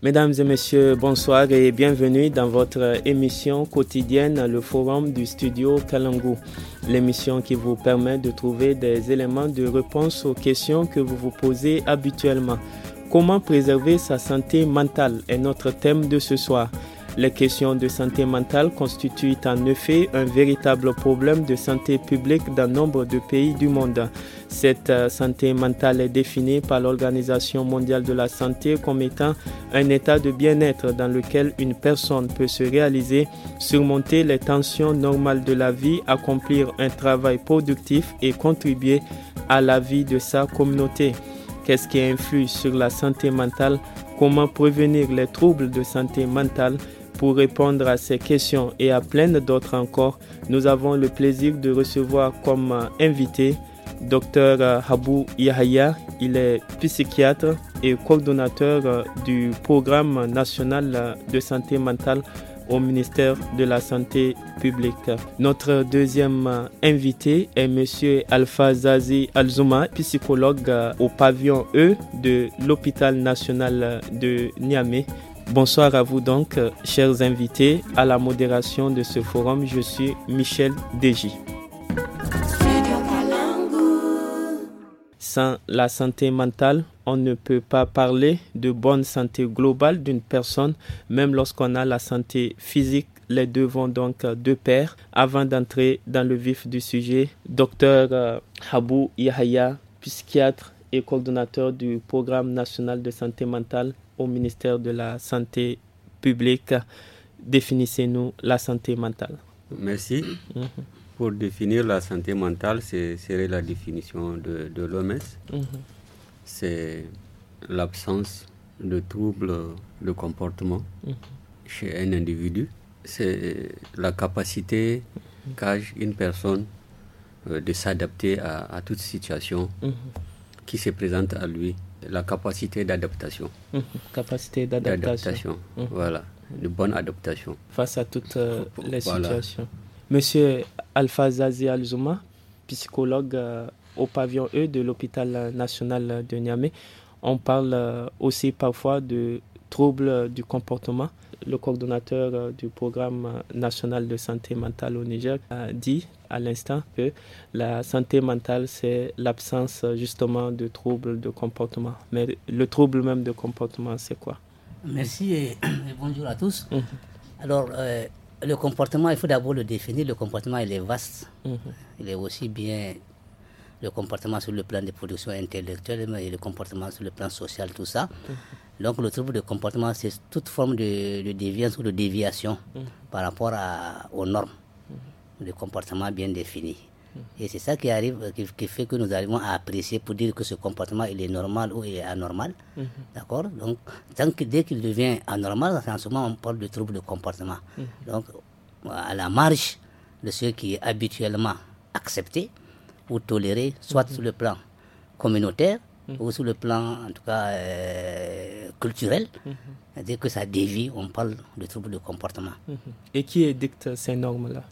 Mesdames et messieurs, bonsoir et bienvenue dans votre émission quotidienne Le Forum du Studio Kalangu. L'émission qui vous permet de trouver des éléments de réponse aux questions que vous vous posez habituellement. Comment préserver sa santé mentale est notre thème de ce soir. Les questions de santé mentale constituent en effet un véritable problème de santé publique dans nombre de pays du monde. Cette euh, santé mentale est définie par l'Organisation mondiale de la santé comme étant un état de bien-être dans lequel une personne peut se réaliser, surmonter les tensions normales de la vie, accomplir un travail productif et contribuer à la vie de sa communauté. Qu'est-ce qui influe sur la santé mentale Comment prévenir les troubles de santé mentale pour répondre à ces questions et à plein d'autres encore, nous avons le plaisir de recevoir comme euh, invité Dr euh, Habou Yahya. Il est psychiatre et coordonnateur euh, du programme national de santé mentale au ministère de la Santé publique. Notre deuxième invité est M. Alpha Zazi Alzuma, psychologue au pavillon E de l'hôpital national de Niamey. Bonsoir à vous donc, euh, chers invités. À la modération de ce forum, je suis Michel Déji. Sans la santé mentale, on ne peut pas parler de bonne santé globale d'une personne, même lorsqu'on a la santé physique. Les deux vont donc euh, de pair. Avant d'entrer dans le vif du sujet, docteur euh, Habou Yahya, psychiatre et coordonnateur du programme national de santé mentale au ministère de la Santé publique. Définissez-nous la santé mentale. Merci. Mhm. Pour définir la santé mentale, c'est la définition de, l'OMS. Mhm. C'est l'absence de troubles de comportement mhm. chez un individu. C'est la capacité qu'a une personne euh, de s'adapter à, toute situation qui se présente à lui, la capacité d'adaptation. Mmh, capacité d'adaptation. Mmh. Voilà, une bonne adaptation. Face à toutes euh, les situations. Monsieur Alpha Alzuma, psychologue euh, au pavillon E de l'hôpital national de Niamey, on parle euh, aussi parfois de troubles du comportement le coordonnateur euh, du programme euh, national de santé mentale au Niger a dit à l'instant que la santé mentale, c'est l'absence euh, justement de troubles de comportement. Mais le trouble même de comportement, c'est quoi Merci et, bonjour à tous. Mhm. Alors, le comportement, il faut d'abord le définir. Le comportement, il est vaste. Mhm. Il est aussi bien le comportement sur le plan des production intellectuelle et le comportement sur le plan social, tout ça. Mhm. Donc le trouble de comportement, c'est toute forme de, déviance ou de déviation mhm. par rapport à, aux normes Le mhm. de comportement bien défini. Et c'est ça qui arrive, qui, fait que nous arrivons à apprécier pour dire que ce comportement il est normal ou il est anormal. D'accord Donc, tant que, dès qu'il devient anormal, en ce moment, on parle de trouble de comportement. Donc, à la marge de ce qui est habituellement accepté, ou tolérer, soit mhm. sur le plan communautaire mhm. ou sur le plan, en tout cas, euh, culturel. Mhm. Dès que ça dévie, on parle de troubles de comportement. Et qui édicte ces normes-là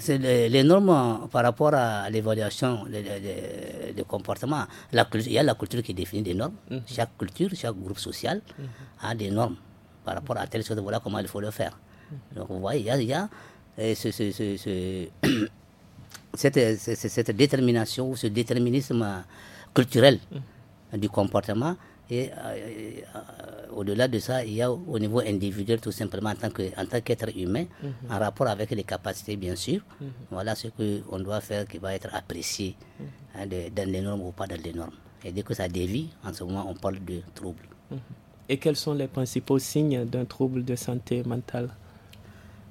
c'est les, normes euh, par rapport à l'évaluation des comportements. La, il y a la culture qui définit des normes. Chaque culture, chaque groupe social a des normes par rapport à telle chose. Voilà comment il faut le faire. Donc vous voyez, il y a, ce, cette, cette, détermination, ce déterminisme culturel mm. du comportement. Et euh, euh, au-delà de ça, il y a au niveau individuel, tout simplement, en tant qu'être humain, mm-hmm. en rapport avec les capacités, bien sûr. Mm-hmm. Voilà ce qu'on doit faire qui va être apprécié mm-hmm. hein, dans les normes ou pas dans les normes. Et dès que ça dévie, en ce moment, on parle de trouble. Et quels sont les principaux signes d'un trouble de santé mentale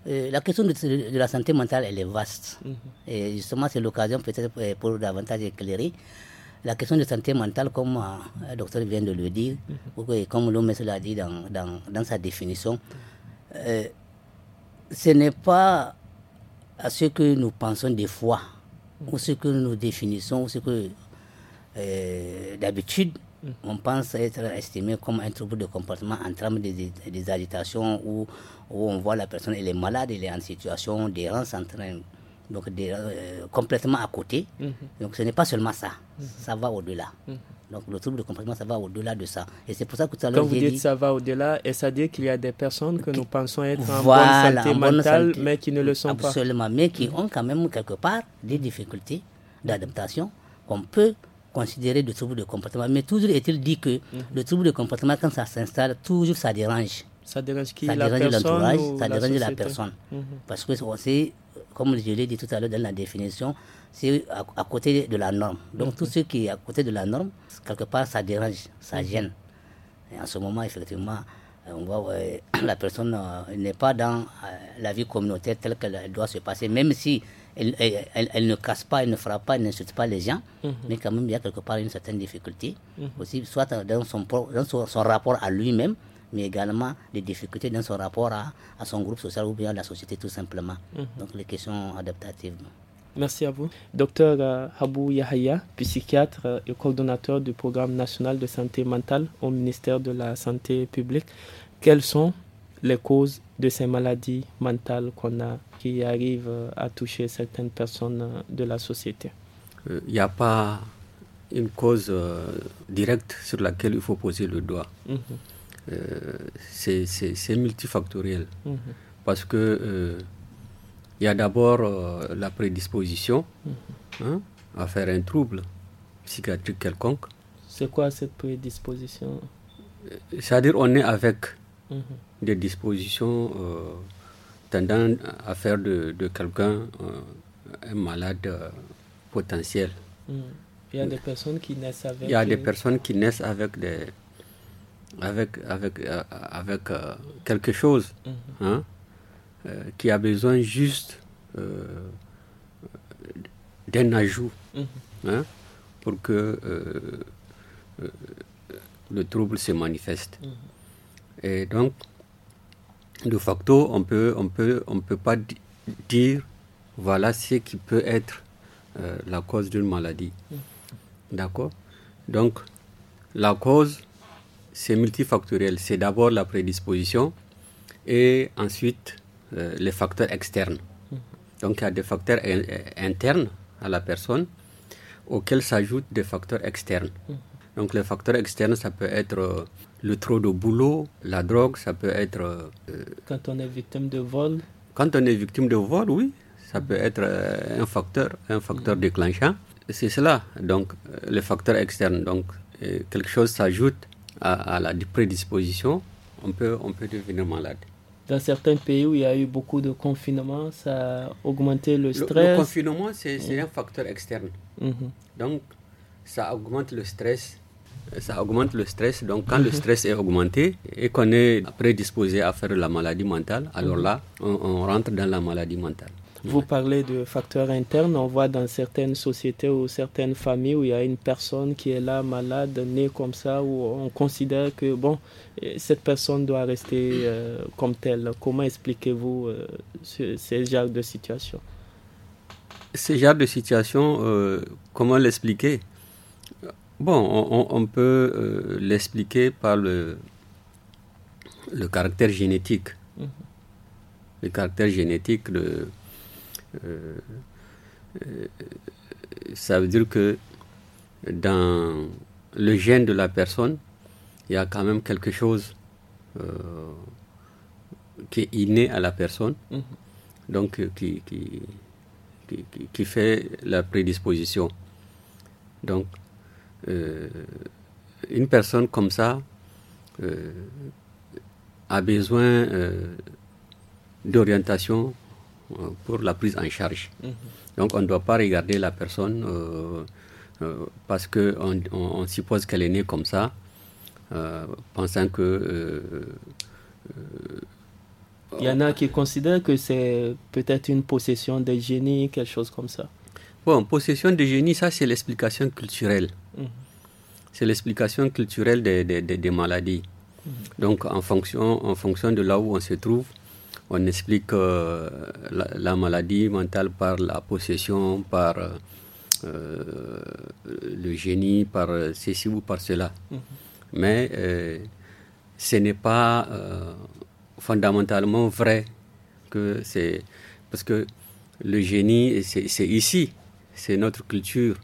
euh, la question de, la santé mentale, elle est vaste. Mhm. Et justement, c'est l'occasion peut-être euh, pour, davantage éclairer la question de santé mentale, comme le euh, docteur vient de le dire, mhm. ou comme l'homme l'a dit dans, sa définition, ce n'est pas à ce que nous pensons des fois, mhm. ou ce que nous définissons, ou ce que d'habitude, Mm. on pense être estimé comme un trouble de comportement en termes des, des agitations où, où, on voit la personne, elle est malade, elle est en situation d'errance, en train, donc euh, complètement à côté. Mm-hmm. Donc ce n'est pas seulement ça, mm-hmm. ça va au-delà. Mm-hmm. Donc le trouble de comportement, ça va au-delà de ça. Et c'est pour ça que tout Quand vous dites ça va au-delà, et ça dire qu'il y a des personnes que nous pensons être en bonne santé mentale, mais qui ne le sont pas. Absolument, mais qui mm. ont quand même quelque part des difficultés d'adaptation qu'on peut considérer de troubles de comportement. Mais toujours est-il dit que mhm. le trouble de comportement, quand ça s'installe, toujours ça dérange. Ça dérange qui Ça la dérange l'entourage, ça dérange la personne. Mhm. Parce que c'est, comme je l'ai dit tout à l'heure dans la définition, c'est à, côté de la norme. Donc tout mhm. ce qui est à côté de la norme, quelque part, ça dérange, ça gêne. Et en ce moment, effectivement, euh, on voit la personne euh, n'est pas dans euh, la vie communautaire telle qu'elle doit se passer, même si elle, ne casse pas, elle ne frappe pas, elle n'insulte pas les gens, mhm. mais quand même, il y a quelque part une certaine difficulté, mhm. aussi, soit dans son, rapport à lui-même, mais également des difficultés dans son rapport à, son groupe social ou bien à la société tout simplement. Mhm. Donc les questions adaptatives. Merci à vous. Docteur euh, abou Habou Yahaya, psychiatre euh, et coordonnateur du programme national de santé mentale au ministère de la Santé publique. Quels sont les causes de ces maladies mentales qu'on a qui arrivent à toucher certaines personnes euh, de la société. Il euh, n'y a pas une cause euh, directe sur laquelle il faut poser le doigt. Mhm. C'est multifactoriel. Mhm. Parce que il y a d'abord la prédisposition mhm. hein, à faire un trouble psychiatrique quelconque. C'est quoi cette prédisposition C'est-à-dire on est avec des dispositions euh, tendant à faire de, quelqu'un euh, un malade euh, potentiel. Mm. Il y a des personnes qui naissent avec. Il y a des personnes qui naissent avec des avec avec avec quelque chose mm-hmm. hein, qui a besoin juste d'un ajout mm-hmm. hein, pour que le trouble se manifeste. Mm-hmm. Et donc de facto, on peut, on peut, on peut pas dire voilà ce qui peut être euh, la cause d'une maladie. Mm. D'accord Donc, la cause, c'est multifactoriel. C'est d'abord la prédisposition et ensuite euh, les facteurs externes. Mm. Donc, il y a des facteurs internes à la personne auxquels s'ajoutent des facteurs externes. Mm. Donc, les facteurs externes, ça peut être euh, le trop de boulot, la drogue, ça peut être... Euh, quand on est victime de vol Quand on est victime de vol, oui, ça peut être euh, un facteur, un facteur mm. déclenchant. C'est cela, donc, euh, le facteur externe. Donc, quelque chose s'ajoute à, la prédisposition, on peut, on peut devenir malade. Dans certains pays où il y a eu beaucoup de confinement, ça a augmenté le stress. Le, confinement, c'est mm. un facteur externe. Mm-hmm. Donc, ça augmente le stress, ça augmente le stress. Donc, quand le mhm. stress est augmenté et qu'on est prédisposé à faire la maladie mentale, alors mhm. là, on, rentre dans la maladie mentale. Vous parlez de facteurs internes. On voit dans certaines sociétés ou certaines familles où il y a une personne qui est là malade, née comme ça, où on considère que bon, euh, cette personne doit rester euh, comme telle. Comment expliquez-vous euh, ces ce, genre de situation Ce genre de situation, comment l'expliquer Bon, on, peut euh, l'expliquer par le, le caractère génétique. Mhm. Le caractère génétique, euh, euh, ça veut dire que dans le gène de la personne, il y a quand même quelque chose qui est inné à la personne, mhm. donc qui qui, qui, fait la prédisposition. Donc, euh, une personne comme ça euh, a besoin euh, d'orientation pour la prise en charge. Mhm. Donc on ne doit pas regarder la personne parce qu'on on, suppose qu'elle est née comme ça, pensant que... Il y en a qui considèrent que c'est peut-être une possession de génie, quelque chose comme ça. Bon, possession de génie, ça c'est l'explication culturelle. C'est l'explication culturelle des, maladies. Donc, en fonction, en fonction de là où on se trouve, on explique euh, la, maladie mentale par la possession, par euh, euh, le génie, par ceci ou par cela. Mhm. Mais ce n'est pas fondamentalement vrai que c'est. Parce que le génie, c'est ici, c'est notre culture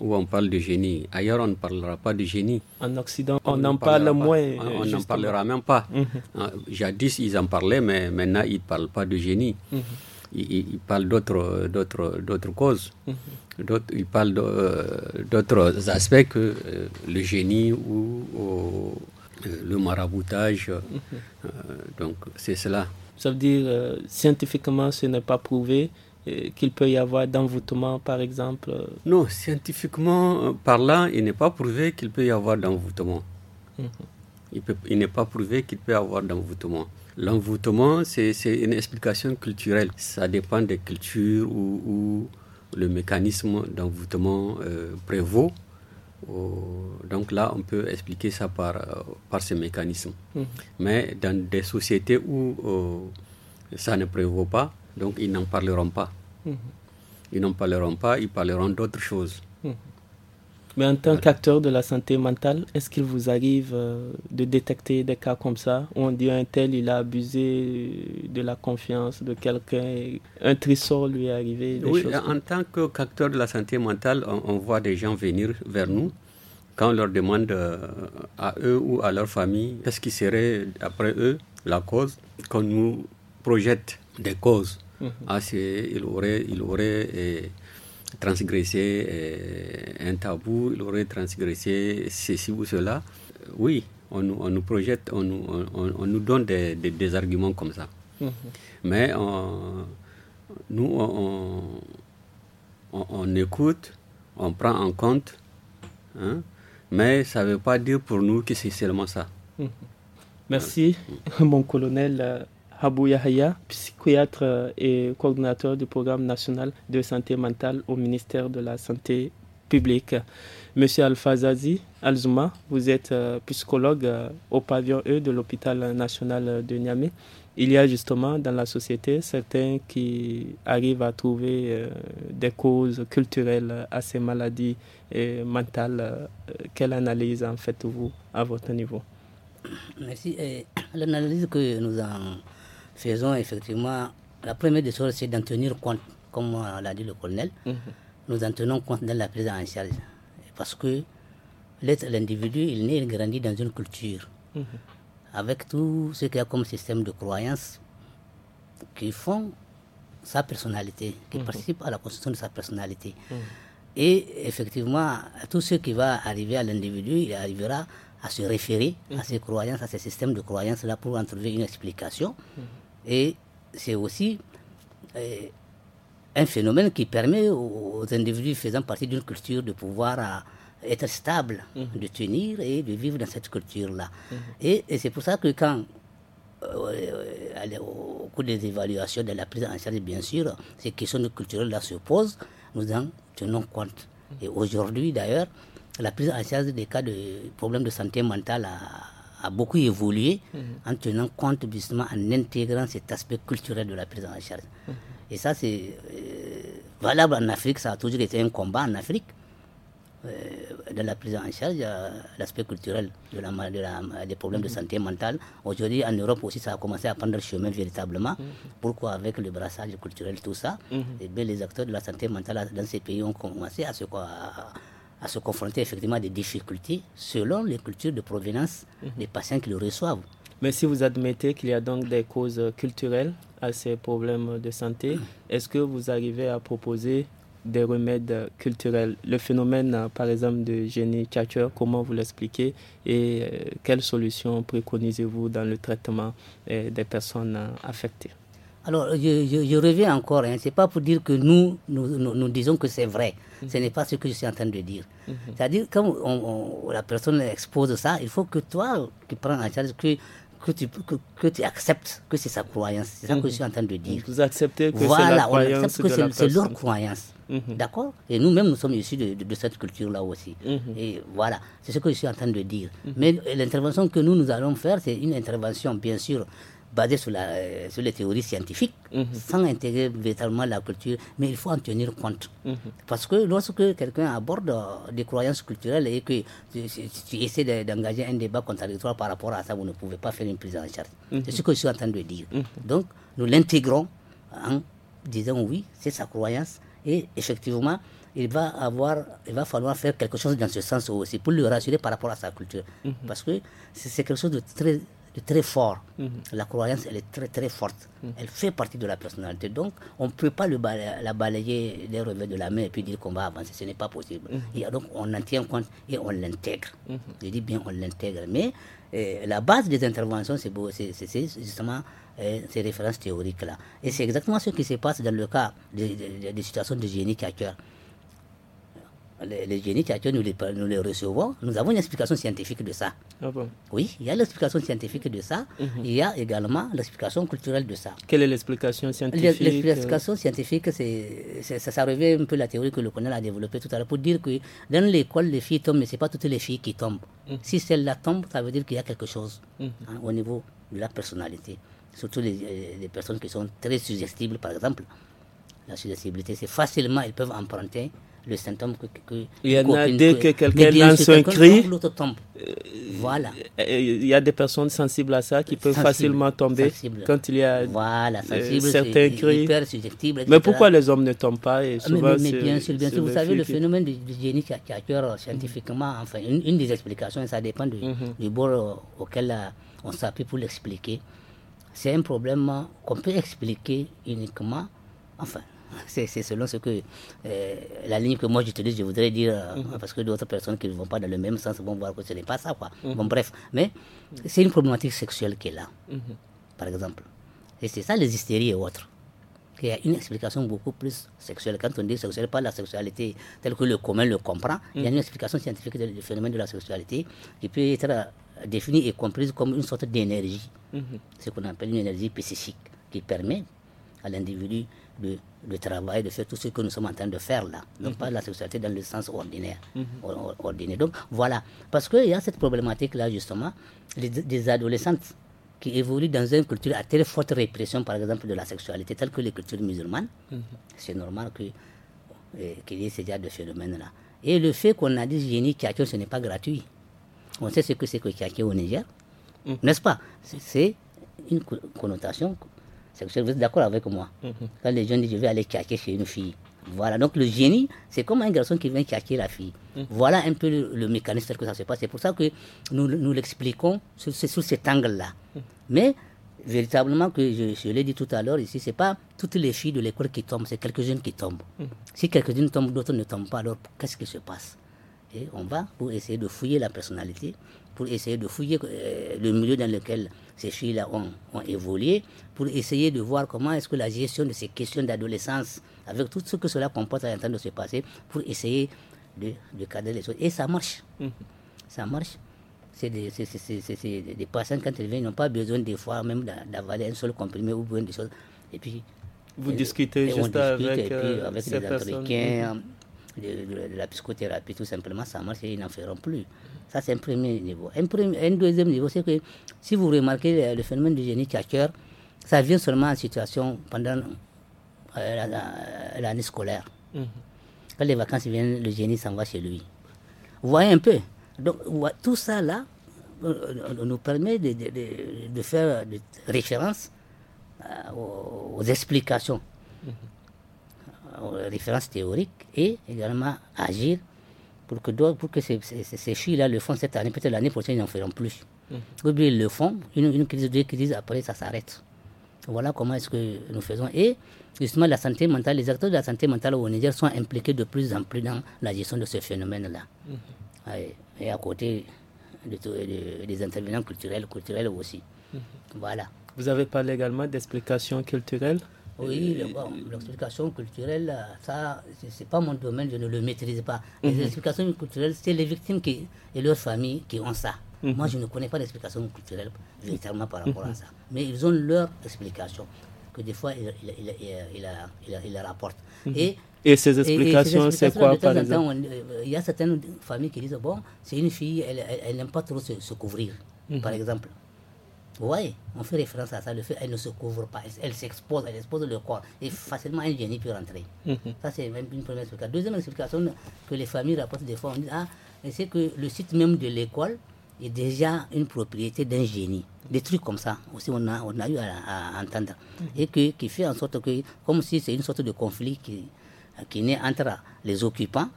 où on parle de génie. Ailleurs, on ne parlera pas de génie. En Occident, on, n'en en parle moins. Ah, on n'en parlera même pas. Mhm. Ah, jadis, ils en parlaient, mais maintenant, ils ne parlent pas de génie. Mhm. ils, parlent d'autres, d'autres, d'autres causes. Mhm. ils parlent euh, d'autres aspects que euh, le génie ou, euh, le maraboutage. donc, c'est cela. Ça veut dire, scientifiquement, ce n'est pas prouvé qu'il peut y avoir d'envoûtement, par exemple euh. Non, scientifiquement euh, parlant, il n'est pas prouvé qu'il peut y avoir d'envoûtement. Mhm. Il, il n'est pas prouvé qu'il peut y avoir d'envoûtement. L'envoûtement, c'est une explication culturelle. Ça dépend des cultures où, le mécanisme d'envoûtement euh, prévaut. donc là, on peut expliquer ça par, par ces mécanismes. Mhm. Mais dans des sociétés où ça ne prévaut pas, donc ils n'en parleront pas. Mhm. Ils n'en parleront pas, ils parleront d'autres choses. Mhm. Mais en tant qu'acteur de la santé mentale, est-ce qu'il vous arrive euh, de détecter des cas comme ça où on dit un tel, il a abusé de la confiance de quelqu'un, un lui est arrivé Oui, en tant qu'acteur de la santé mentale, on, voit des gens venir vers nous quand on leur demande euh, à eux ou à leur famille qu'est-ce qui serait, après eux, la cause, qu'on nous projette des causes Mm-hmm. Ah, il aurait, il aurait eh, transgressé eh, un tabou, il aurait transgressé ceci ou cela. Euh, oui, on, nous projette, on, nous donne des, arguments comme ça. Mm-hmm. Mais nous, on, écoute, on prend en compte, hein, mais ça ne veut pas dire pour nous que c'est seulement ça. Mm-hmm. Merci, mon colonel. Habou Yahya, psychiatre euh, et coordinateur du programme national de santé mentale au ministère de la Santé publique. Monsieur Alfazazi Alzuma, vous êtes euh, psychologue euh, au pavillon E de l'hôpital national de Niamey. Il y a justement dans la société certains qui arrivent à trouver des causes culturelles à ces maladies mentales. Quelle analyse en faites-vous à votre niveau Merci. L'analyse que nous avons faisons effectivement. La première des choses, c'est d'en tenir compte, comme l'a dit le colonel. Mhm. Nous en tenons compte dans la prise Parce que l'être, l'individu, il naît, et grandit dans une culture. Mhm. Avec tout ce qu'il y a comme système de croyances qui font sa personnalité, qui mhm. participent à la construction de sa personnalité. Et effectivement, tout ce qui va arriver à l'individu, il arrivera à se référer à ses croyances, à ses systèmes de croyances-là pour en trouver une explication. Et c'est aussi euh, un phénomène qui permet aux, individus faisant partie d'une culture de pouvoir à, être stable, mhm. de tenir et de vivre dans cette culture-là. Mhm. Et, c'est pour ça que quand euh, au cours des évaluations de la prise en charge, bien sûr, ces questions culturelles-là se posent, nous en tenons compte. Mhm. Et aujourd'hui, d'ailleurs, la prise en charge des cas de problèmes de santé mentale à a beaucoup évolué mhm. en tenant compte justement, en intégrant cet aspect culturel de la prise en charge. Mhm. Et ça, c'est euh, valable en Afrique, ça a toujours été un combat en Afrique, euh, de la prise en charge, l'aspect culturel de la, de la, des problèmes de mhm. santé mentale. Aujourd'hui, en Europe aussi, ça a commencé à prendre le chemin véritablement. Pourquoi avec le brassage culturel, tout ça, et eh bien, les acteurs de la santé mentale dans ces pays ont commencé à se à se confronter effectivement à des difficultés selon les cultures de provenance mhm. des patients qui le reçoivent. Mais si vous admettez qu'il y a donc des causes culturelles à ces problèmes de santé, mhm. est-ce que vous arrivez à proposer des remèdes culturels Le phénomène, par exemple, de génie Thatcher, comment vous l'expliquez et euh, quelles solutions préconisez-vous dans le traitement euh, des personnes euh, affectées alors, je, reviens encore, hein. ce n'est pas pour dire que nous, nous, nous, disons que c'est vrai. Mm-hmm. Ce n'est pas ce que je suis en train de dire. Mm-hmm. C'est-à-dire, quand la personne expose ça, il faut que toi, tu prends en charge, que que tu, que, tu acceptes que c'est sa croyance. C'est ça que je mm-hmm. suis en train de dire. Vous acceptez que c'est la croyance. Voilà, on accepte que c'est leur croyance. D'accord Et nous-mêmes, nous sommes issus de, cette culture-là aussi. Et voilà, c'est ce que je suis en train de dire. Mais l'intervention que nous, nous allons faire, c'est une intervention, bien sûr, basé sur, la, euh, sur les théories scientifiques, mhm. sans intégrer véritablement la culture, mais il faut en tenir compte. Mhm. Parce que lorsque quelqu'un aborde euh, des croyances culturelles et que tu, essaies d'engager un débat contradictoire par rapport à ça, vous ne pouvez pas faire une prise en charge. Mhm. C'est ce que je suis en train de dire. Donc, nous l'intégrons en disant oui, c'est sa croyance, et effectivement, il va avoir, il va falloir faire quelque chose dans ce sens aussi pour le rassurer par rapport à sa culture, parce que c'est quelque chose de très très fort. Mhm. La croyance, elle est très très forte. Mhm. Elle fait partie de la personnalité. Donc, on ne peut pas le balayer, la balayer des revers de la main et puis dire qu'on va avancer. Ce n'est pas possible. il mhm. donc, on en tient compte et on l'intègre. Je dis bien, on l'intègre. Mais euh, la base des interventions, c'est justement euh, ces références théoriques-là. Et c'est exactement ce qui se passe dans le cas des, situations de génie a coeur les, les génies nous les, nous les recevons, nous avons une explication scientifique de ça. Ah oui, il y a l'explication scientifique de ça, mhm. il y a également l'explication culturelle de ça. Quelle est l'explication scientifique euh, L'explication scientifique, ça, ça un peu la théorie que le colonel a développée tout à l'heure pour dire que dans l'école, les filles tombent, mais ce n'est pas toutes les filles qui tombent. Mhm. Si celle-là tombe, ça veut dire qu'il y a quelque chose mhm. hein, au niveau de la personnalité. Surtout les, personnes qui sont très suggestibles, par exemple. La suggestibilité, c'est facilement, ils peuvent emprunter le symptôme que, il y en a dès que, quelqu'un lance un cri euh, voilà il y a des personnes sensibles à ça qui peuvent facilement tomber quand il y a euh, certains cris mais pourquoi les hommes ne tombent pas et ah, souvent bien sûr bien sûr vous savez le phénomène du, génie qui a, euh, scientifiquement enfin une, des explications ça dépend du, mhm. du bord auquel on s'appuie pour l'expliquer c'est un problème qu'on peut expliquer uniquement enfin c'est selon ce que euh, la ligne que moi j'utilise, je voudrais dire, euh, mhm. parce que d'autres personnes qui ne vont pas dans le même sens vont voir que ce n'est pas ça. Quoi. Mhm. Bon, bref, mais c'est une problématique sexuelle qui est là, mhm. par exemple. Et c'est ça les hystéries et autres. Il y a une explication beaucoup plus sexuelle. Quand on dit sexuelle, pas la sexualité telle que le commun le comprend, il y a une explication scientifique du phénomène de la sexualité qui peut être euh, définie et comprise comme une sorte d'énergie, ce qu'on appelle une énergie psychique, qui permet à l'individu de, de, travailler, de faire tout ce que nous sommes en train de faire là. Non mhm. pas la sexualité dans le sens mhm. ordinaire. Donc voilà. Parce qu'il y a cette problématique là justement, des adolescentes qui évoluent dans une culture à très forte répression par exemple de la sexualité, telle que les cultures musulmanes. Mhm. C'est normal euh, qu'il y ait ces genre de phénomènes là. Et le fait qu'on a dit génie ce n'est pas gratuit. On sait ce que c'est que Kiakio au Niger. N'est-ce pas C'est une connotation vous êtes d'accord avec moi mhm. Quand les jeunes disent je vais aller caquer chez une fille. Voilà, donc le génie, c'est comme un garçon qui vient caquer la fille. Mhm. Voilà un peu le, mécanisme que ça se passe. C'est pour ça que nous, nous l'expliquons sur, sur, cet angle-là. Mhm. Mais véritablement, que je, je l'ai dit tout à l'heure ici, c'est pas toutes les filles de l'école qui tombent, c'est quelques-unes qui tombent. Si quelques-unes tombent, d'autres ne tombent pas, alors qu'est-ce qui se passe Et on va pour essayer de fouiller la personnalité, pour essayer de fouiller euh, le milieu dans lequel ces filles-là ont, évolué, pour essayer de voir comment est-ce que la gestion de ces questions d'adolescence, avec tout ce que cela comporte en train de se passer, pour essayer de, de, cadrer les choses. Et ça marche. Hum. Ça marche. C'est des, personnes qui, quand elles viennent, n'ont pas besoin des fois même d'avaler un seul comprimé ou bien des choses. Et puis, vous discutez juste avec, euh, les Africains, de, la psychothérapie, tout simplement, ça marche et ils n'en feront plus. Ça, c'est un premier niveau. Un, deuxième niveau, c'est que si vous remarquez le, phénomène du génie catcher, ça vient seulement en situation pendant euh, euh, l'année scolaire. Mhm. Quand les vacances viennent, le génie s'en va chez lui. Vous voyez un peu. Donc, tout ça là euh, nous permet de, faire des références aux, explications. Mhm référence théorique et également agir pour que, pour que ces, ces, là le font cette année, peut-être l'année prochaine, ils n'en feront plus. Mhm. Ou ils le font, une, une crise, deux crises, après ça s'arrête. Voilà comment est-ce que nous faisons. Et justement, la santé mentale, les acteurs de la santé mentale au Niger sont impliqués de plus en plus dans la gestion de ce phénomène-là. Mhm. Et à côté des intervenants culturels, culturels aussi. Mhm. Voilà. Vous avez parlé également d'explications culturelles oui, l'explication culturelle, ça, n'est pas mon domaine, je ne le maîtrise pas. Les mhm. explications culturelles, c'est les victimes qui, et leurs familles qui ont ça. Mhm. Moi, je ne connais pas d'explication culturelle véritablement par rapport à mhm. ça. Mais ils ont leur explication, que des fois, ils il, il, il, rapportent. Et et ces explications, c'est quoi, par exemple euh, Il y a certaines familles qui disent, bon, c'est une fille, elle n'aime pas trop se, couvrir, par exemple. Oui, on fait référence à ça. Le fait elle ne se couvre pas, elle, s'expose, elle expose le corps. Et facilement, un génie peut rentrer. Mhm. Ça, c'est même une première explication. Deuxième explication que les familles rapportent des fois, on dit Ah, c'est que le site même de l'école est déjà une propriété d'un génie. Des trucs comme ça aussi, on a, on a eu à, entendre. Mhm. Et que, qui fait en sorte que, comme si c'est une sorte de conflit qui, qui naît entre les occupants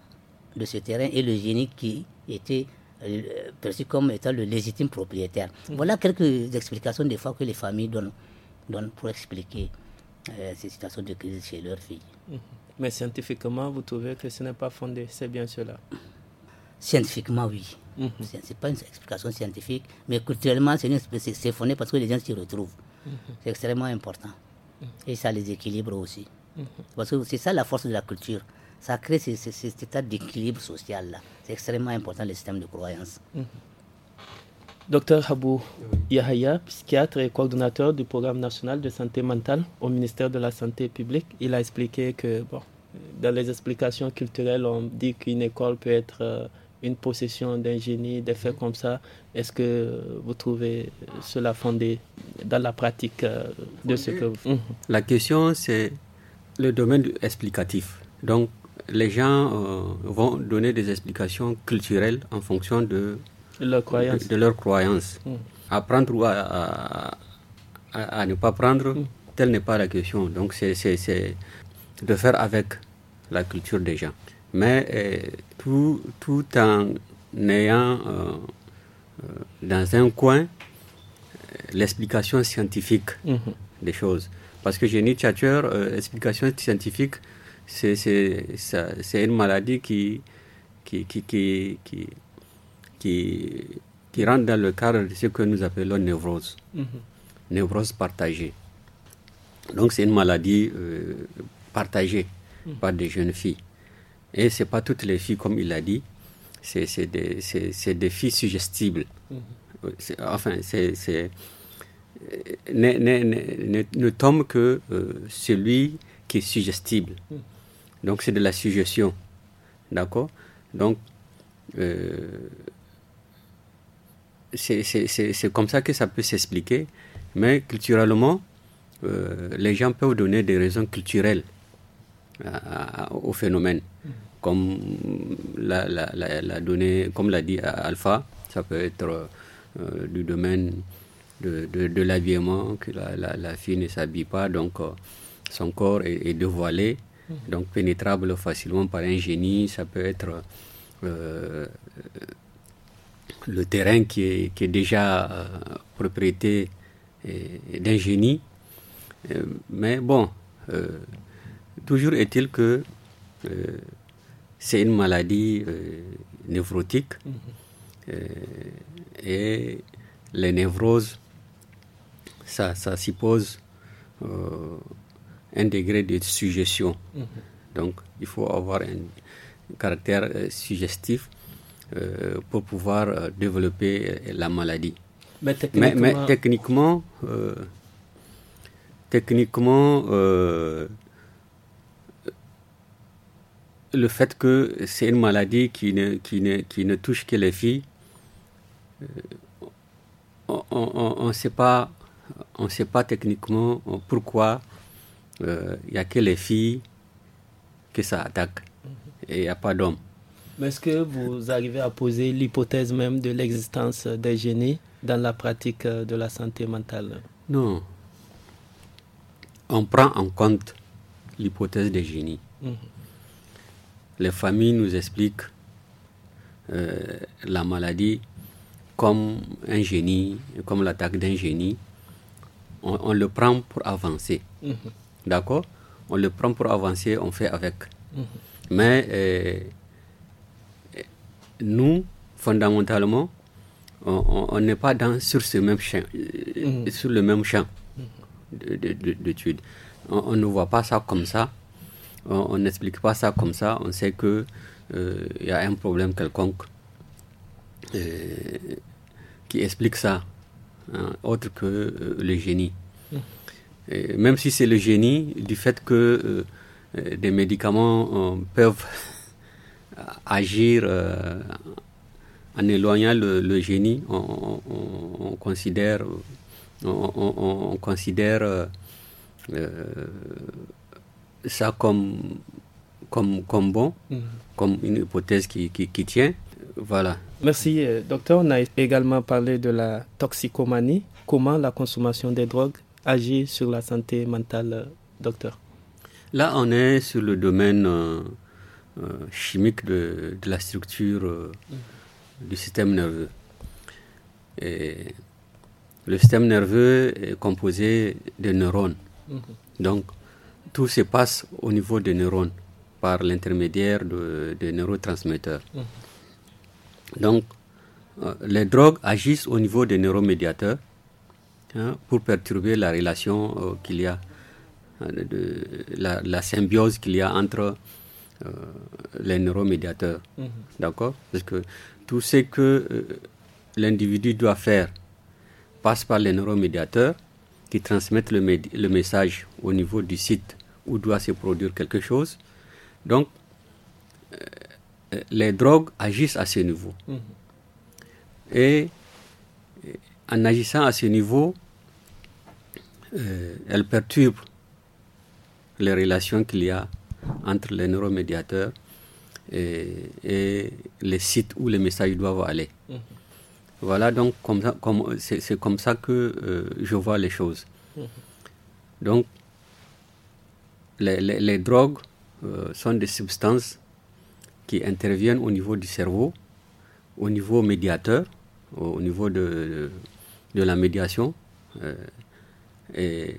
de ce terrain et le génie qui était euh, perçu comme étant le légitime propriétaire. Voilà quelques explications des fois que les familles donnent, pour expliquer euh, ces situations de crise chez leurs filles. Mhm. Mais scientifiquement, vous trouvez que ce n'est pas fondé, c'est bien cela Scientifiquement, oui. Mhm. C'est Ce n'est pas une explication scientifique, mais culturellement, c'est fondé parce que les gens s'y retrouvent. Mhm. C'est extrêmement important. Et ça les équilibre aussi. Parce que c'est ça la force de la culture ça crée cet, cet état d'équilibre social-là. C'est extrêmement important, le système de croyance. Mm-hmm. Docteur Habou Yahaya, psychiatre et coordonnateur du programme national de santé mentale au ministère de la Santé publique, il a expliqué que, bon, dans les explications culturelles, on dit qu'une école peut être euh, une possession d'un génie, des faits mm-hmm. comme ça. Est-ce que vous trouvez cela fondé dans la pratique euh, de ce que vous mm-hmm. La question, c'est le domaine explicatif. Donc, les gens euh, vont donner des explications culturelles en fonction de, leur croyance. de, mm. À prendre ou à, à, ne pas prendre, mm. telle n'est pas la question. Donc c'est de faire avec la culture des gens. Mais euh, tout, tout en ayant euh, dans un coin l'explication scientifique mm-hmm. des choses. Parce que j'ai Thatcher, euh, explication scientifique, c'est une maladie qui, qui, qui, qui, rentre dans le cadre de ce que nous appelons névrose, mhm. névrose partagée. Donc c'est une maladie euh, partagée mhm. par des jeunes filles. Et ce n'est pas toutes les filles, comme il a dit, c'est des, des, filles suggestibles. Mhm. Enfin, c'est... Euh, ne, ne, tombe que euh, celui qui est suggestible. Donc c'est de la suggestion. D'accord Donc euh, c'est comme ça que ça peut s'expliquer. Mais culturellement, euh, les gens peuvent donner des raisons culturelles au phénomène. Mm-hmm. Comme l'a, la, la, comme dit Alpha, ça peut être euh, du domaine de, de, l'habillement, que la, fille ne s'habille pas, donc son corps est dévoilé donc pénétrable facilement par un génie. Ça peut être euh, le terrain qui est, déjà euh, propriété euh, d'un génie. Mais bon, toujours est-il que c'est une maladie névrotique mhm. et les névroses, ça, ça pose un degré de suggestion. Mhm. Donc, il faut avoir un caractère euh, suggestif euh, pour pouvoir euh, développer la maladie. Mais techniquement, techniquement, le fait que c'est une maladie qui ne, qui, ne, qui ne touche que les filles, on ne on, on sait, pas, on sait pas techniquement pourquoi il euh, n'y a que les filles que ça attaque mhm. et il n'y a pas d'hommes. Mais est-ce que vous arrivez à poser l'hypothèse même de l'existence des génies dans la pratique euh, de la santé mentale Non. On prend en compte l'hypothèse des génies. Mhm. Les familles nous expliquent euh, la maladie comme un génie, comme l'attaque d'un génie. On, le prend pour avancer. Mhm. D'accord On le prend pour avancer, on fait avec. Mhm. Mais euh, nous, fondamentalement, on n'est pas dans, sur, ce même champ, mhm. euh, sur le même champ mhm. d'études. On, ne voit pas ça comme ça. On n'explique pas ça comme ça. On sait qu'il il euh, y a un problème quelconque qui explique ça, hein, autre que le génie même si c'est le génie du fait que euh, des médicaments euh, peuvent agir euh, en éloignant le, génie, on, considère, ça comme, bon, mhm. comme une hypothèse qui, qui tient. Voilà. Merci, docteur. On a également parlé de la toxicomanie. Comment la consommation des drogues agir sur la santé mentale, euh, docteur Là, on est sur le domaine euh, euh, chimique de, la structure mm. du système nerveux. Et le système nerveux est composé de neurones. Mm-hmm. Donc, tout se passe au niveau des neurones par l'intermédiaire de, neurotransmetteurs. Mm-hmm. Donc, les drogues agissent au niveau des neuromédiateurs Hein, pour perturber la relation euh, qu'il y a, euh, la, symbiose qu'il y a entre euh, les neuromédiateurs. Mhm. D'accord Parce que tout ce que l'individu doit faire passe par les neuromédiateurs qui transmettent le, message au niveau du site où doit se produire quelque chose. Donc, les drogues agissent à ce niveau. Mhm. Et en agissant à ce niveau, euh, elle perturbe les relations qu'il y a entre les neuromédiateurs et, les sites où les messages doivent aller. Mm-hmm. Voilà, donc comme c'est, comme, c'est comme ça que euh, je vois les choses. Mm-hmm. Donc, les, drogues euh, sont des substances qui interviennent au niveau du cerveau, au niveau médiateur, au, niveau de de la médiation. Euh, et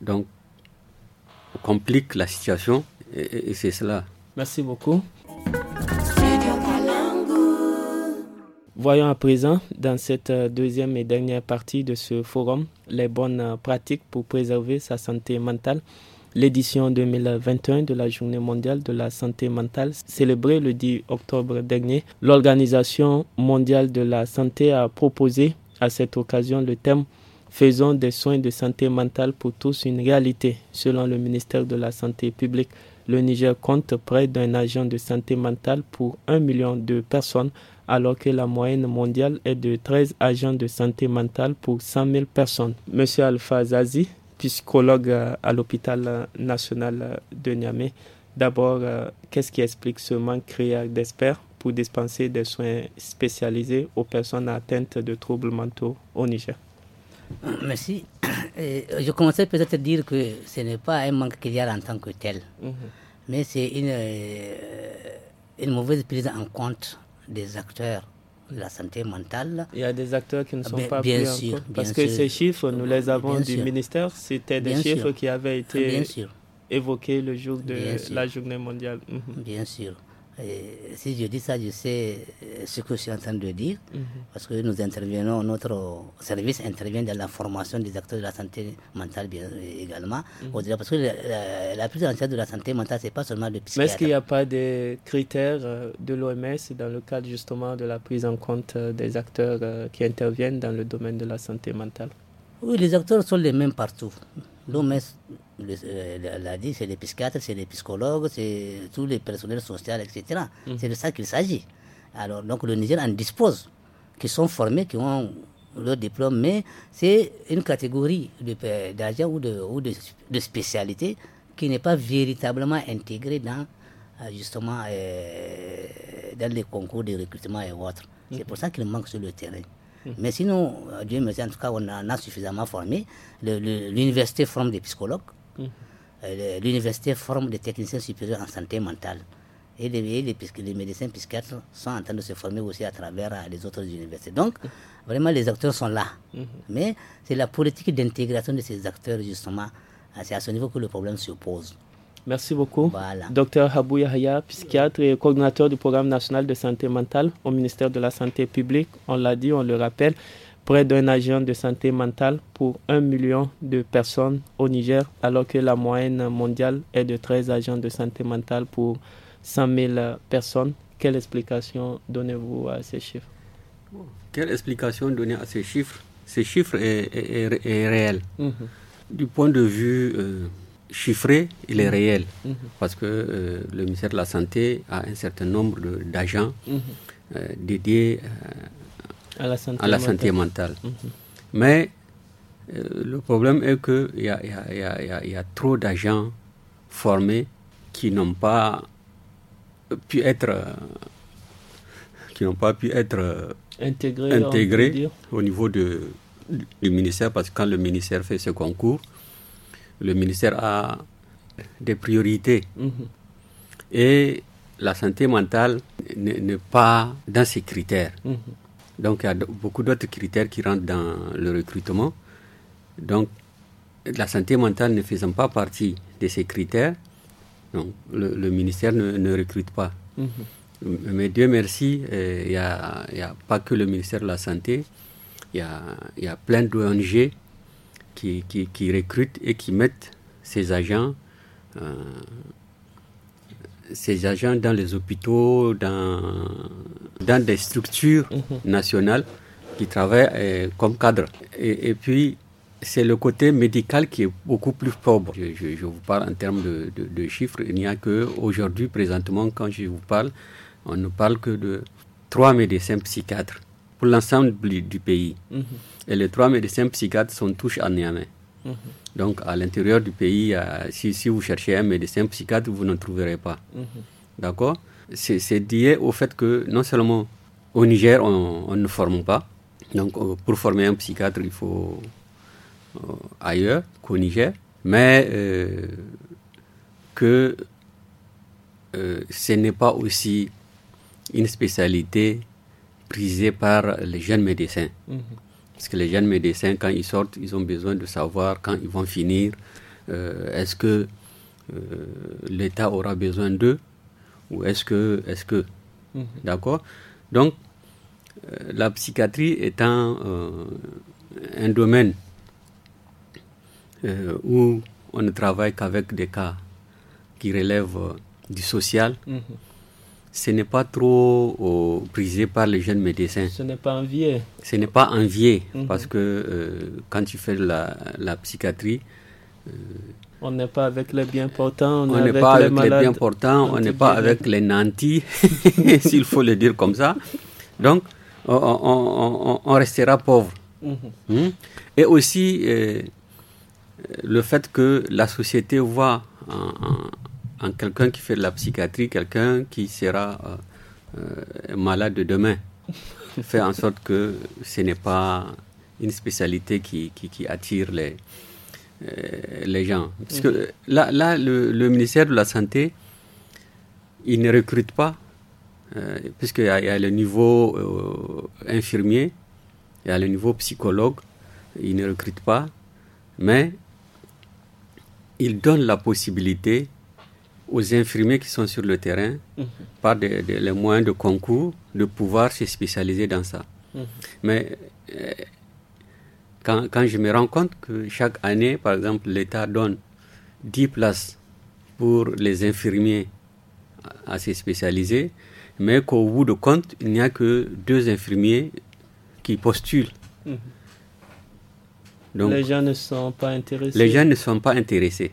donc, on complique la situation et c'est cela. Merci beaucoup. Voyons à présent, dans cette euh, deuxième et dernière partie de ce forum, les bonnes euh, pratiques pour préserver sa santé mentale. L'édition 2021 de la Journée mondiale de la santé mentale, célébrée le 10 octobre dernier, l'Organisation mondiale de la santé a proposé à cette occasion, le thème Faisons des soins de santé mentale pour tous une réalité. Selon le ministère de la Santé publique, le Niger compte près d'un agent de santé mentale pour un million de personnes, alors que la moyenne mondiale est de 13 agents de santé mentale pour 100 000 personnes. Monsieur Alpha Zazi, psychologue euh, à l'hôpital euh, national euh, de Niamey, d'abord, qu'est-ce qui explique ce manque d'experts dispenser des soins spécialisés aux personnes atteintes de troubles mentaux au Niger. Merci. je commençais peut-être à dire que ce n'est pas un manque qu'il y a en tant que tel, mhm. mais c'est euh, une, mauvaise prise en compte des acteurs de la santé mentale. Il y a des acteurs qui ne sont pas bien sûr, Parce que ces chiffres, nous les avons du ministère, c'était des chiffres qui avaient été évoqués le jour de la journée mondiale. Mhm. Bien sûr si je dis ça, je sais euh, ce que je suis en train de dire, mhm. parce que nous intervenons, notre service intervient dans la formation des acteurs de la santé mentale également. Mhm. Parce que la, la, prise en de la santé mentale, c'est pas seulement de psychiatre. Mais est-ce qu'il n'y a pas des critères euh, de l'OMS dans le cadre justement de la prise en compte euh, des acteurs qui interviennent dans le domaine de la santé mentale Oui, les acteurs sont les mêmes partout. L'OMS l'a euh, dit, c'est les psychiatres, c'est les psychologues, c'est tous les personnels sociaux, etc. Mm. C'est de ça qu'il s'agit. Alors, donc le Niger en dispose, qui sont formés, qui ont leur diplôme, mais c'est une catégorie d'agents ou, de, de, spécialités qui n'est pas véritablement intégrée dans, euh, justement, euh, dans les concours de recrutement et autres. C'est mm. pour ça qu'il manque sur le terrain. Mm. Mais sinon, Dieu merci, en tout cas, on en a suffisamment formé. L'université forme des psychologues, euh, l'université forme des techniciens supérieurs en santé mentale. Et les, médecins psychiatres sont en train de se former aussi à travers euh, les autres universités. Donc, vraiment, les acteurs sont là. Mhm. Mais c'est la politique d'intégration de ces acteurs, justement. Euh, c'est à ce niveau que le problème se pose. Merci beaucoup. Voilà. Docteur Habou psychiatre et coordinateur du programme national de santé mentale au ministère de la Santé publique. On l'a dit, on le rappelle près d'un agent de santé mentale pour un million de personnes au Niger, alors que la moyenne mondiale est de 13 agents de santé mentale pour 100 000 personnes. Quelle explication donnez-vous à ces chiffres Quelle explication donnez-vous à ces chiffres Ces chiffres est, est, réel. Mm-hmm. Du point de vue euh, chiffré, il est mm-hmm. réel, mm-hmm. parce que euh, le ministère de la Santé a un certain nombre d'agents. Euh, dédiés à la santé, mentale. Mhm. Mais euh, le problème est qu'il y, y, a, trop d'agents formés qui n'ont pas pu être euh, qui n'ont pas pu être euh, intégrés, au niveau du ministère parce que quand le ministère fait ce concours, le ministère a des priorités. Mhm. Et la santé mentale n'est pas dans ses critères. Mhm. Donc il y a beaucoup d'autres critères qui rentrent dans le recrutement. Donc la santé mentale ne faisant pas partie de ces critères, donc le, ministère ne, recrute pas. Mhm. Mais Dieu merci, eh, il n'y a, pas que le ministère de la Santé, il y a, plein d'ONG qui, qui, recrutent et qui mettent ces agents euh, ces agents dans les hôpitaux, dans, dans des structures mhm. nationales qui travaillent euh, comme cadre. Et, puis, c'est le côté médical qui est beaucoup plus pauvre. Je, vous parle en termes de, de, chiffres. Il n'y a qu'aujourd'hui, présentement, quand je vous parle, on ne parle que de trois médecins psychiatres pour l'ensemble du, pays. Mhm. Et les trois médecins psychiatres sont tous en Niamey. Mhm. Donc, à l'intérieur du pays, si, vous cherchez un médecin psychiatre, vous n'en trouverez pas. Mhm. D'accord C'est lié au fait que non seulement au Niger, on, ne forme pas. Donc, euh, pour former un psychiatre, il faut euh, ailleurs qu'au Niger. Mais euh, que ce n'est pas aussi une spécialité prisée par les jeunes médecins. Mhm. Parce que les jeunes médecins, quand ils sortent, ils ont besoin de savoir quand ils vont finir. Euh, est-ce que euh, l'État aura besoin d'eux ou est-ce que, est-ce que, mhm. d'accord. Donc, euh, la psychiatrie étant un domaine où on ne travaille qu'avec des cas qui relèvent du social. Mhm ce n'est pas trop euh, prisé par les jeunes médecins. Ce n'est pas envié. Ce n'est pas envié, mhm. parce que euh, quand tu fais la, la psychiatrie... Euh, on n'est pas avec les bien portants, on n'est pas avec les, bien portants, on n'est pas avec les nantis, s'il faut le dire comme ça. Donc, on, restera pauvre. Mhm. Hmm? Et aussi, le fait que la société voit en quelqu'un qui fait de la psychiatrie, quelqu'un qui sera euh, euh, malade de demain. Fait en sorte que ce n'est pas une spécialité qui, attire les, euh, les gens. Parce que là, là le, ministère de la Santé, il ne recrute pas, puisqu'il y, a le niveau infirmier, il y a le niveau psychologue, il ne recrute pas, mais il donne la possibilité aux infirmiers qui sont sur le terrain, mhm. par les moyens de concours, de pouvoir se spécialiser dans ça. Mhm. Mais euh, quand, je me rends compte que chaque année, par exemple, l'État donne 10 places pour les infirmiers à, spécialisés se spécialiser, mais qu'au bout de compte, il n'y a que deux infirmiers qui postulent. Mhm. Donc, les gens ne sont pas intéressés. Les gens ne sont pas intéressés.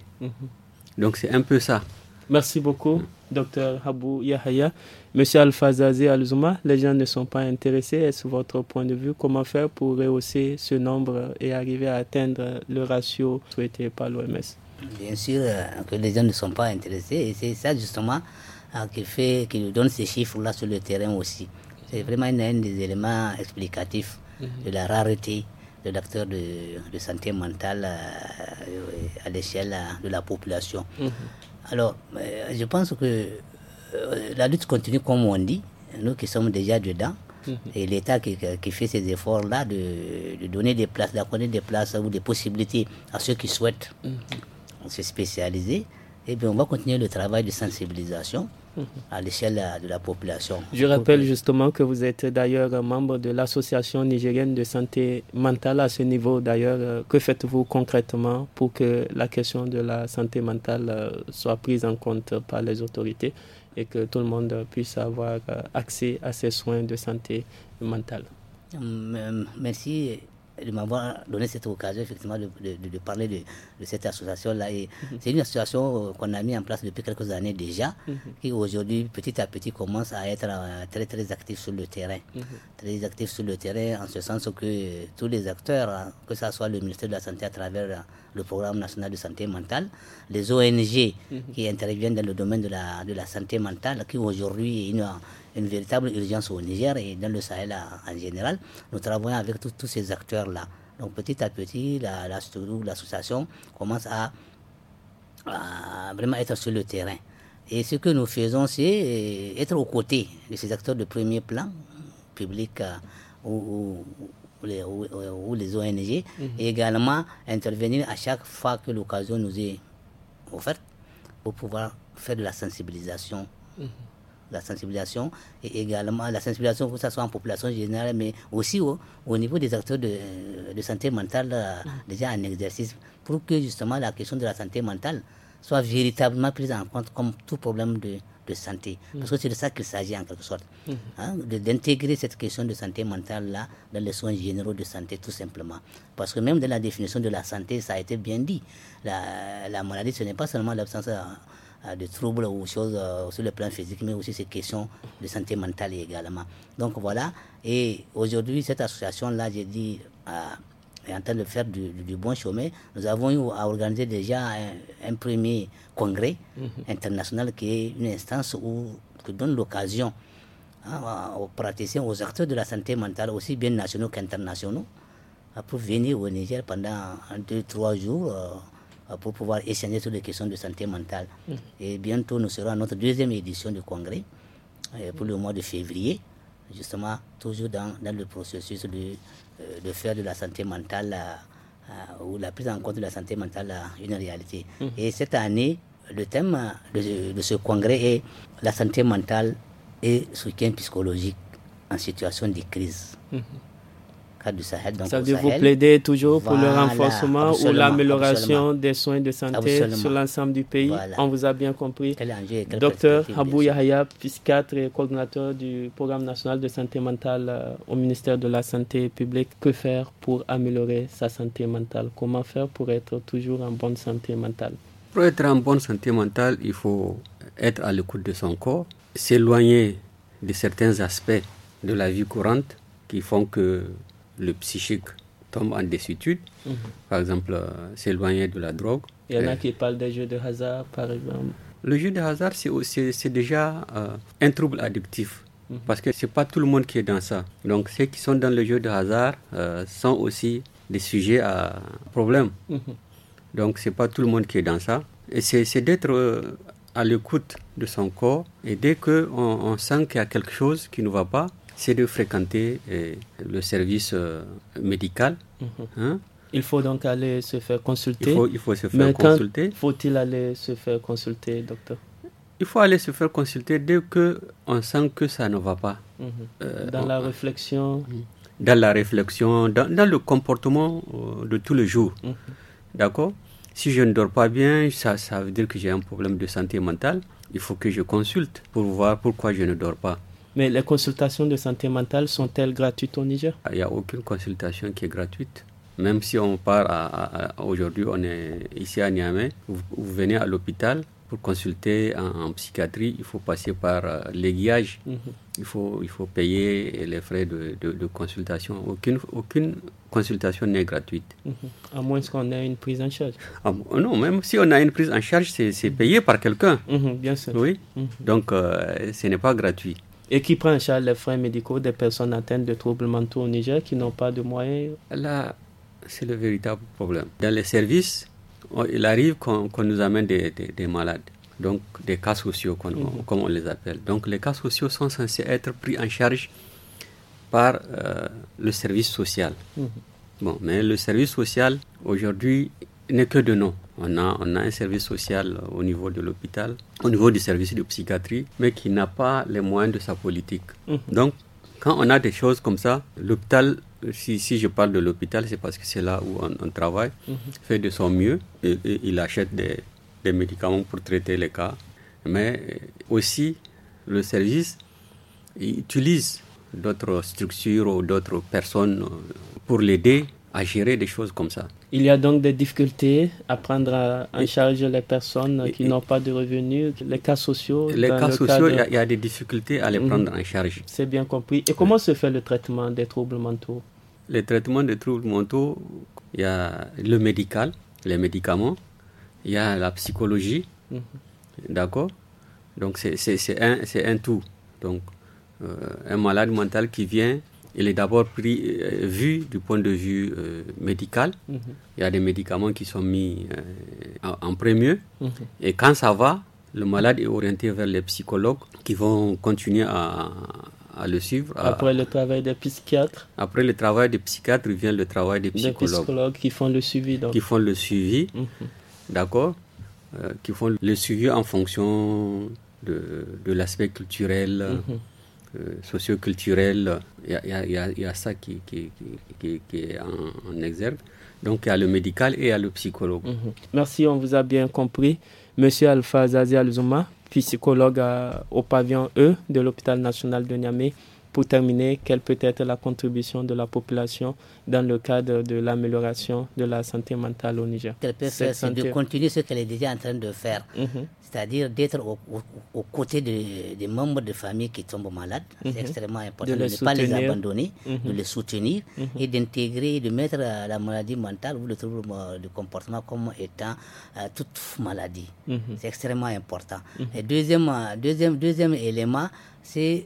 Donc c'est un peu ça. Merci beaucoup, docteur Habou Yahaya. Monsieur Al Al-Zouma, les gens ne sont pas intéressés. Est-ce votre point de vue Comment faire pour rehausser ce nombre et arriver à atteindre le ratio souhaité par l'OMS Bien sûr euh, que les gens ne sont pas intéressés et c'est ça justement euh, qui fait, qui nous donne ces chiffres-là sur le terrain aussi. C'est vraiment un des éléments explicatifs de la rareté de l'acteur de, santé mentale euh, à, l'échelle de la population. Mhm. Alors, euh, je pense que euh, la lutte continue, comme on dit, nous qui sommes déjà dedans. Mhm. Et l'État qui, fait ces efforts-là de, de, donner des places, d'accorder des places ou des possibilités à ceux qui souhaitent mhm. se spécialiser, et eh bien on va continuer le travail de sensibilisation à l'échelle euh, de la population. Je rappelle justement que vous êtes d'ailleurs membre de l'association nigérienne de santé mentale à ce niveau. D'ailleurs, euh, que faites-vous concrètement pour que la question de la santé mentale euh, soit prise en compte par les autorités et que tout le monde puisse avoir accès à ces soins de santé mentale Merci de m'avoir donné cette occasion effectivement de, de, parler de, de cette association-là. Et mhm. c'est une association euh, qu'on a mis en place depuis quelques années déjà, mhm. qui aujourd'hui petit à petit commence à être euh, très très active sur le terrain. Mhm. Très active sur le terrain en ce sens que euh, tous les acteurs, hein, que ce soit le ministère de la Santé à travers le programme national de santé mentale, les ONG qui interviennent dans le domaine de la, de la santé mentale, qui aujourd'hui une véritable urgence au Niger et dans le Sahel en, général. Nous travaillons avec tous ces acteurs-là. Donc petit à petit, l'association l'association commence à, vraiment être sur le terrain. Et ce que nous faisons, c'est euh, être aux côtés de ces acteurs de premier plan, public euh, ou, ou, les, ONG, mhm. et également intervenir à chaque fois que l'occasion nous est offerte pour pouvoir faire de la sensibilisation mhm la sensibilisation et également la sensibilisation que ce soit en population générale, mais aussi au, au niveau des acteurs de, de santé mentale euh, mm. déjà en exercice, pour que justement la question de la santé mentale soit véritablement prise en compte comme tout problème de, de santé. Mm. Parce que c'est de ça qu'il s'agit en quelque sorte. Mm. Hein, d'intégrer cette question de santé mentale-là dans les soins généraux de santé, tout simplement. Parce que même dans la définition de la santé, ça a été bien dit. La, la maladie, ce n'est pas seulement l'absence euh, euh, de troubles ou choses euh, sur le plan physique, mais aussi ces questions de santé mentale également. Donc voilà, et aujourd'hui, cette association-là, j'ai dit, euh, est en train de faire du, bon chemin. Nous avons eu à organiser déjà un, premier congrès mhm. international qui est une instance où, qui donne l'occasion hein, aux praticiens, aux acteurs de la santé mentale, aussi bien nationaux qu'internationaux, pour venir au Niger pendant deux, trois jours. Euh, pour pouvoir échanger sur les questions de santé mentale. Mm. Et bientôt, nous serons à notre deuxième édition du congrès euh, pour le mois de février, justement, toujours dans, le processus euh, de, faire de la santé mentale ou la prise en compte de la santé mentale une réalité. Mm. Et cette année, le thème de, ce congrès est la santé mentale et soutien psychologique en situation de crise. Mm-hmm. Ça veut vous plaidez toujours pour le renforcement ou l'amélioration des soins de santé sur l'ensemble du pays. On vous a bien compris. Docteur Abou Yahya, psychiatre et coordinateur du programme national de santé mentale euh, au ministère de la Santé publique. Que faire pour améliorer sa santé mentale Comment faire pour être toujours en bonne santé mentale Pour être en bonne santé mentale, il faut être à l'écoute de son corps, s'éloigner de certains aspects de la vie courante qui font que le psychique tombe en dessitude. Mhm. par exemple euh, s'éloigner de la drogue. Il y en a qui parlent des jeux de hasard, par exemple. Le jeu de hasard, c'est déjà euh, un trouble addictif. Mhm. Parce que c'est pas tout le monde qui est dans ça. Donc ceux qui sont dans le jeu de hasard euh, sont aussi des sujets à problème. Donc mhm. Donc c'est pas tout le monde qui est dans ça. Et c'est d'être à l'écoute de son corps. Et dès qu'on on sent qu'il y a quelque chose qui ne va pas, c'est de fréquenter euh, le service euh, médical. Mhm. Hein. Il faut donc aller se faire consulter. Il faut, se faire consulter. Faut-il aller se faire consulter, docteur Il faut aller se faire consulter dès que on sent que ça ne va pas. Mhm. Euh, dans, la réflexion. Dans la réflexion, dans, le comportement de tous les jours. Mhm. D'accord Si je ne dors pas bien, ça, ça veut dire que j'ai un problème de santé mentale. Il faut que je consulte pour voir pourquoi je ne dors pas. Mais les consultations de santé mentale sont-elles gratuites au Niger Il n'y a aucune consultation qui est gratuite. Même si on part aujourd'hui, on est ici à Niamey, vous, venez à l'hôpital, pour consulter en, psychiatrie, il faut passer par euh, l'aiguillage. Mhm. il, faut, il faut payer les frais de, consultation. Aucune, aucune consultation n'est gratuite. Mhm. À moins qu'on ait une prise en charge. Ah, oh non, même si on a une prise en charge, c'est mhm. payé par quelqu'un. bien sûr. Oui. Donc, euh, ce n'est pas gratuit et qui prend en charge les frais médicaux des personnes atteintes de troubles mentaux au Niger qui n'ont pas de moyens. Là, c'est le véritable problème. Dans les services, il arrive qu'on nous amène des, malades, donc des cas sociaux, mhm. comme on les appelle. Donc les cas sociaux sont censés être pris en charge par euh, le service social. Mhm. Bon, mais le service social, aujourd'hui, n'est que de nom. On a, on a un service social au niveau de l'hôpital, au niveau du service de psychiatrie, mais qui n'a pas les moyens de sa politique. Mhm. Donc, quand on a des choses comme ça, l'hôpital, si, je parle de l'hôpital, c'est parce que c'est là où on, travaille, mhm. fait de son mieux, et, il achète des médicaments pour traiter les cas, mais aussi le service utilise d'autres structures ou d'autres personnes pour l'aider à gérer des choses comme ça. Il y a donc des difficultés à prendre en charge les personnes qui n'ont pas de revenus, les cas sociaux. Les cas sociaux, il y, a des difficultés à les mhm. prendre en charge. C'est bien compris. Et comment se fait le traitement des troubles mentaux Le traitement des troubles mentaux, il y a le médical, les médicaments, il y a la psychologie, mhm. d'accord Donc c'est un, un tout. Donc euh, un malade mental qui vient il est d'abord pris, euh, vu du point de vue euh, médical. Mhm. Il y a des médicaments qui sont mis euh, en premier. Mhm. Et quand ça va, le malade est orienté vers les psychologues qui vont continuer à, le suivre. Après le travail des psychiatres. Après le travail des psychiatres vient le travail des psychologues. Des psychologues qui font le suivi. Donc. Qui font le suivi, mhm. d'accord Qui font le suivi en fonction de l'aspect culturel socioculturel. Il y, a ça qui, qui, qui, est en, exergue. Donc il y a le médical et il y a le psychologue. Mhm. Merci, on vous a bien compris. Monsieur Alpha Zazia Alzuma, psychologue au pavillon E de l'hôpital national de Niamey. Pour terminer, quelle peut être la contribution de la population dans le cadre de l'amélioration de la santé mentale au Niger Elle peut c'est de continuer ce qu'elle est déjà en train de faire. Mhm c'est-à-dire d'être au, aux côtés des membres de famille qui tombent malades. C'est mhm. extrêmement important de, ne pas les abandonner, mhm. de les soutenir mhm. et d'intégrer, de mettre euh, la maladie mentale ou le trouble euh, de comportement comme étant euh, toute maladie. C'est extrêmement important. Et deuxième, deuxième, deuxième élément, c'est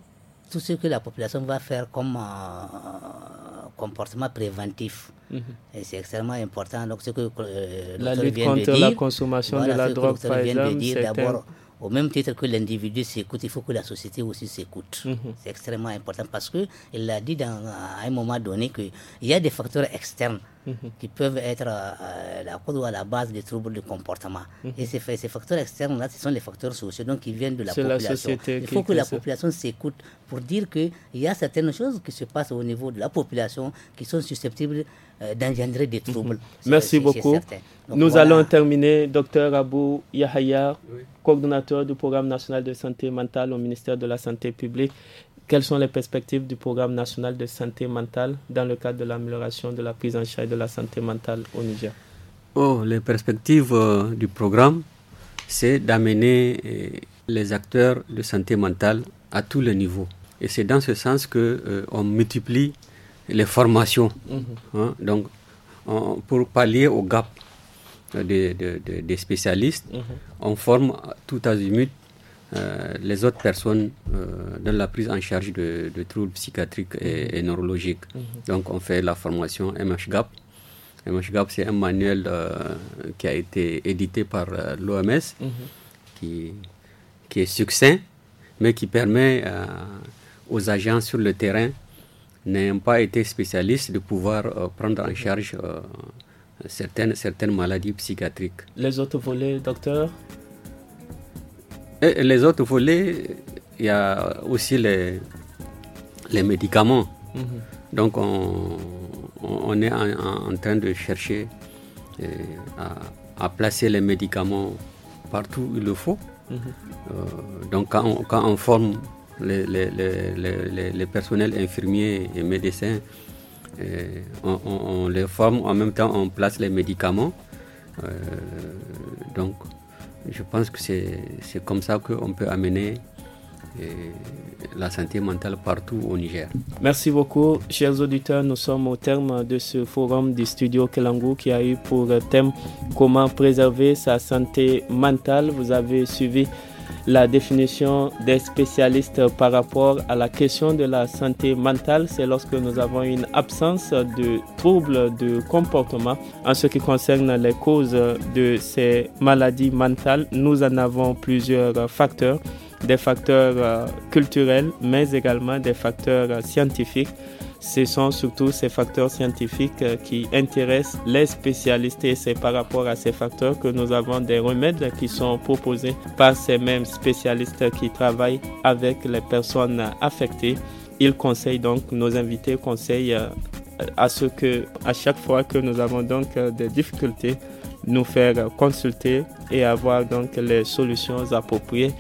tout ce que la population va faire comme euh, comportement préventif. Mhm. Et c'est extrêmement important. Donc, ce que euh, la lutte vient contre de dire, la consommation de la drogue, par d'abord, au même titre que l'individu s'écoute, il faut que la société aussi s'écoute. Mhm. C'est extrêmement important parce que il a dit dans, à un moment donné qu'il y a des facteurs externes Mhm. qui peuvent être euh, la à la base des troubles de comportement. Mhm. Et ces, facteurs externes-là, ce sont les facteurs sociaux, donc qui viennent de la population. société Il faut que la population s'écoute pour dire qu'il y a certaines choses qui se passent au niveau de la population qui sont susceptibles euh, d'engendrer des mhm. troubles. Merci beaucoup. Nous allons terminer, docteur Abou Yahaya, coordinateur coordonnateur du programme national de santé mentale au ministère de la Santé publique. Quelles sont les perspectives du programme national de santé mentale dans le cadre de l'amélioration de la prise en charge de la santé mentale au Niger oh, Les perspectives euh, du programme, c'est d'amener euh, les acteurs de santé mentale à tous les niveaux. Et c'est dans ce sens qu'on euh, multiplie les formations. Mm-hmm. Hein. donc, pour pallier au gap des spécialistes, mm-hmm. on forme tout azimut euh, les autres personnes euh, dans la prise en charge de, troubles psychiatriques et, neurologiques. Mhm. Donc on fait la formation MHGAP. MHGAP, c'est un manuel euh, qui a été édité par l'OMS, mhm. qui, qui est succinct, mais qui permet aux agents sur le terrain, n'ayant pas été spécialistes, de pouvoir prendre en charge certaines, certaines maladies psychiatriques. Les autres volets, docteur les autres volets, il y a aussi les, médicaments. Mhm. Donc on, est en, train de chercher euh, à, placer les médicaments partout où il le faut. Mhm. Euh, donc quand on, quand forme les, personnels infirmiers et médecins, euh, on, les forme, en même temps on place les médicaments. donc je pense que c'est comme ça qu'on peut amener euh, la santé mentale partout au Niger. Merci beaucoup, chers auditeurs. Nous sommes au terme de ce forum du studio Kelangu qui a eu pour thème comment préserver sa santé mentale. Vous avez suivi la définition des spécialistes par rapport à la question de la santé mentale, c'est lorsque nous avons une absence de troubles de comportement. En ce qui concerne les causes de ces maladies mentales, nous en avons plusieurs facteurs, des facteurs euh, culturels, mais également des facteurs euh, scientifiques. Ce sont surtout ces facteurs scientifiques euh, qui intéressent les spécialistes et c'est par rapport à ces facteurs que nous avons des remèdes qui sont proposés par ces mêmes spécialistes qui travaillent avec les personnes affectées. Ils conseillent donc, nos invités conseillent euh, à ce que à chaque fois que nous avons donc euh, des difficultés, nous faire consulter et avoir donc les solutions appropriées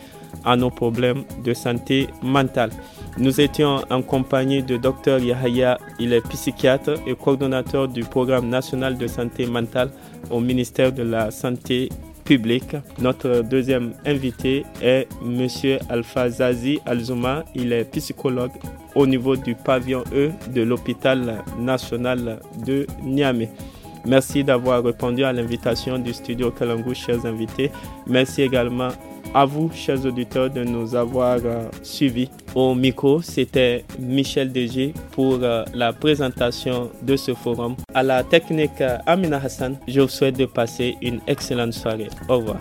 à nos problèmes de santé mentale. Nous étions en compagnie de Dr Yahaya, il est psychiatre et coordonnateur du programme national de santé mentale au ministère de la Santé publique. Notre deuxième invité est M. Alpha Zazi Alzuma, il est psychologue au niveau du pavillon E de l'hôpital national de Niamey. Merci d'avoir répondu à l'invitation du studio Kalangou, chers invités. Merci également à vous, chers auditeurs, de nous avoir euh, suivis. Au micro, c'était Michel Degé pour euh, la présentation de ce forum. À la technique euh, Amina Hassan, je vous souhaite de passer une excellente soirée. Au revoir.